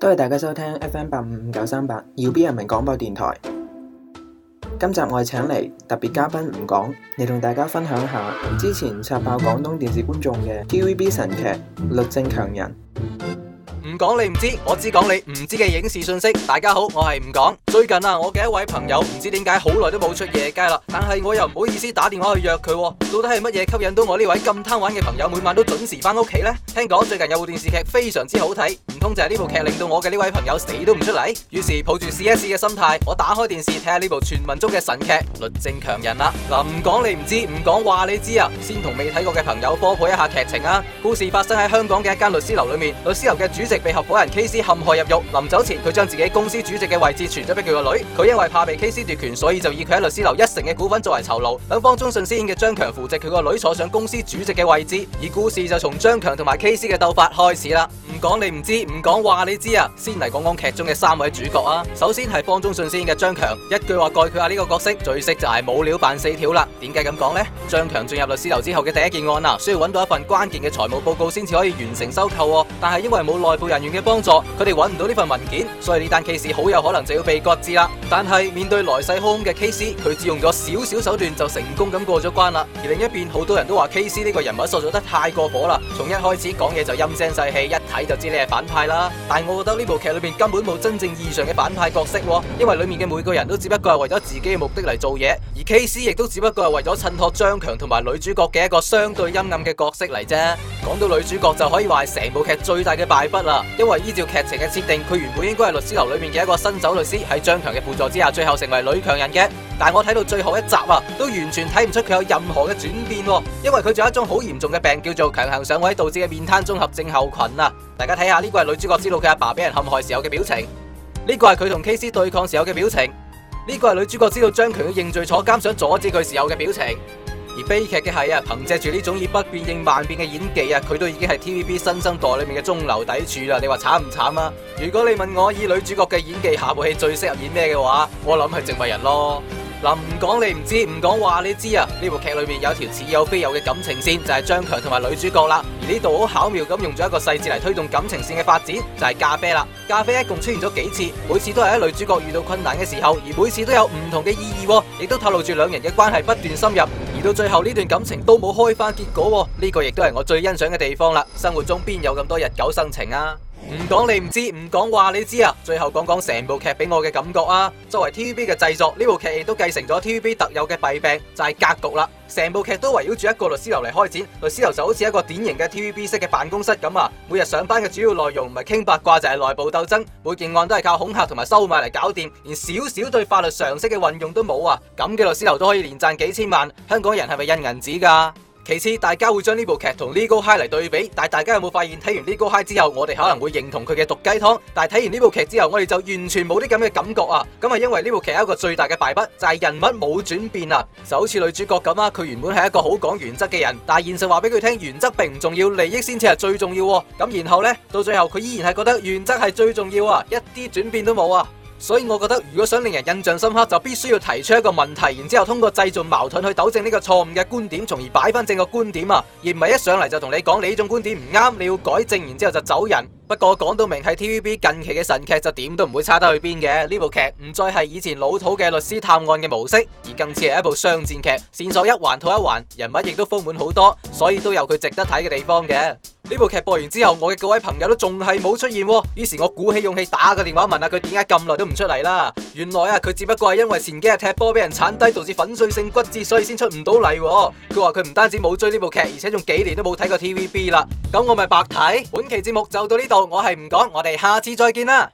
多謝大家收聽 FM 八五五九三八要 B 人民廣播電臺。今集我係請嚟特別嘉賓吳廣嚟同大家分享下之前刷爆廣東電視觀眾嘅 TVB 神劇《律政強人》。講你唔知，我知講你唔知嘅影視信息。大家好，我係吳講。最近啊，我嘅一位朋友唔知點解好耐都冇出夜街啦，但係我又唔好意思打電話去約佢啊。到底係乜嘢吸引到我呢位咁貪玩嘅朋友每晚都準時翻屋企呢？聽講最近有部電視劇非常之好睇，唔通就係呢部劇令到我嘅呢位朋友死都唔出嚟？於是抱住試一試嘅心態，我打開電視睇下呢部傳聞中嘅神劇《律政強人》啦。嗱，唔講你唔知，唔講話你知啊。先同未睇過嘅朋友科普一下劇情啊。故事發生喺香港嘅一間律師樓裏面，律師樓嘅主席合夥人 K.C. 陷害入獄，臨走前佢將自己公司主席嘅位置傳咗俾佢個女。佢因為怕被 K.C. 奪權，所以就以佢喺律師樓一成嘅股份作為酬勞。等方中信飾演嘅張強扶植佢個女坐上公司主席嘅位置，而故事就從張強同埋 K.C. 嘅鬥法開始啦。唔講你唔知，唔講話你知啊！先嚟講講劇中嘅三位主角啊。首先係方中信飾演嘅張強，一句話概括下呢個角色，最識就係冇料扮四條啦。點解咁講呢？張強進入律師樓之後嘅第一件案啊，需要揾到一份關鍵嘅財務報告先至可以完成收購。但係因為冇內部人員嘅幫助，佢哋揾唔到呢份文件，所以呢單 case 好有可能就要被擱置啦。但係面對來勢洶洶嘅 KC，佢只用咗少少手段就成功咁過咗關啦。而另一邊，好多人都話 KC 呢個人物塑造得太過火啦。從一開始講嘢就陰聲細氣，一睇就知你係反派啦。但我覺得呢部劇裏邊根本冇真正意義上嘅反派角色，因為裏面嘅每個人都只不過係為咗自己嘅目的嚟做嘢，而 KC 亦都只不過係為咗襯托張強同埋女主角嘅一個相對陰暗嘅角色嚟啫。講到女主角，就可以話成部劇最大嘅敗筆啦，因為依照劇情嘅設定，佢原本應該係律師樓裏面嘅一個新手律師，喺張強嘅輔助之下，最後成為女強人嘅。但係我睇到最後一集啊，都完全睇唔出佢有任何嘅轉變，因為佢仲有一種好嚴重嘅病叫做強行上位導致嘅面癱綜合症候群啊！大家睇下，呢個係女主角知道佢阿爸俾人陷害時候嘅表情，呢個係佢同 KC 對抗時候嘅表情，呢個係女主角知道張強嘅認罪坐監想阻止佢時候嘅表情。而悲劇嘅係啊，憑藉住呢種以不變應萬變嘅演技啊，佢都已經係 TVB 新生代裏面嘅中流砥柱啦！你話慘唔慘啊？如果你問我以女主角嘅演技，下部戲最適合演咩嘅話，我諗係植物人咯。嗱，唔講你唔知，唔講話你知啊！呢部劇裏面有條似有非有嘅感情線，就係張強同埋女主角啦。而呢度好巧妙咁用咗一個細節嚟推動感情線嘅發展，就係、是、咖啡啦。咖啡一共出現咗幾次？每次都係喺女主角遇到困難嘅時候，而每次都有唔同嘅意義、啊，亦都透露住兩人嘅關係不斷深入。而到最後呢段感情都冇開花結果、啊，呢、這個亦都係我最欣賞嘅地方啦。生活中邊有咁多日久生情啊？唔講你唔知，唔講話你知啊！最後講講成部劇俾我嘅感覺啊！作為 TVB 嘅製作，呢部劇亦都繼承咗 TVB 特有嘅弊病，就係格局啦。成部劇都圍繞住一個律師樓嚟開展，律師樓就好似一個典型嘅 TVB 式嘅辦公室咁啊！每日上班嘅主要內容唔係傾八卦就係內部鬥爭，每件案都係靠恐嚇同埋收買嚟搞掂，連少少對法律常識嘅運用都冇啊！咁嘅律師樓都可以連賺幾千萬，香港人係咪印銀紙噶？其次，大家會將呢部劇同《Legal High》嚟對比，但大家有冇發現睇完《Legal High》之後，我哋可能會認同佢嘅毒雞湯，但係睇完呢部劇之後，我哋就完全冇啲咁嘅感覺啊！咁係因為呢部劇有一個最大嘅敗筆就係、是、人物冇轉變啊，就好似女主角咁啦，佢原本係一個好講原則嘅人，但係現實話俾佢聽原則並唔重要，利益先至係最重要的。咁然後呢，到最後佢依然係覺得原則係最重要啊，一啲轉變都冇啊。所以我覺得如果想令人印象深刻，就必須要提出一個問題，然之後通過製造矛盾去糾正呢個錯誤嘅觀點，從而擺翻正個觀點啊，而唔係一上嚟就同你講你呢種觀點唔啱，你要改正，然之後就走人。不過講到明係 TVB 近期嘅神劇，就點都唔會差得去邊嘅。呢部劇唔再係以前老土嘅律師探案嘅模式，而更似係一部商戰劇，線索一環套一環，人物亦都豐滿好多，所以都有佢值得睇嘅地方嘅。呢部劇播完之後，我嘅各位朋友都仲係冇出現喎，於是我鼓起勇氣打個電話問下佢點解咁耐都唔出嚟啦。原來啊，佢只不過係因為前幾日踢波俾人鏟低導致粉碎性骨折，所以先出唔到嚟。佢話佢唔單止冇追呢部劇，而且仲幾年都冇睇過 TVB 啦。咁我咪白睇。本期節目就到呢度，我係唔講，我哋下次再見啦。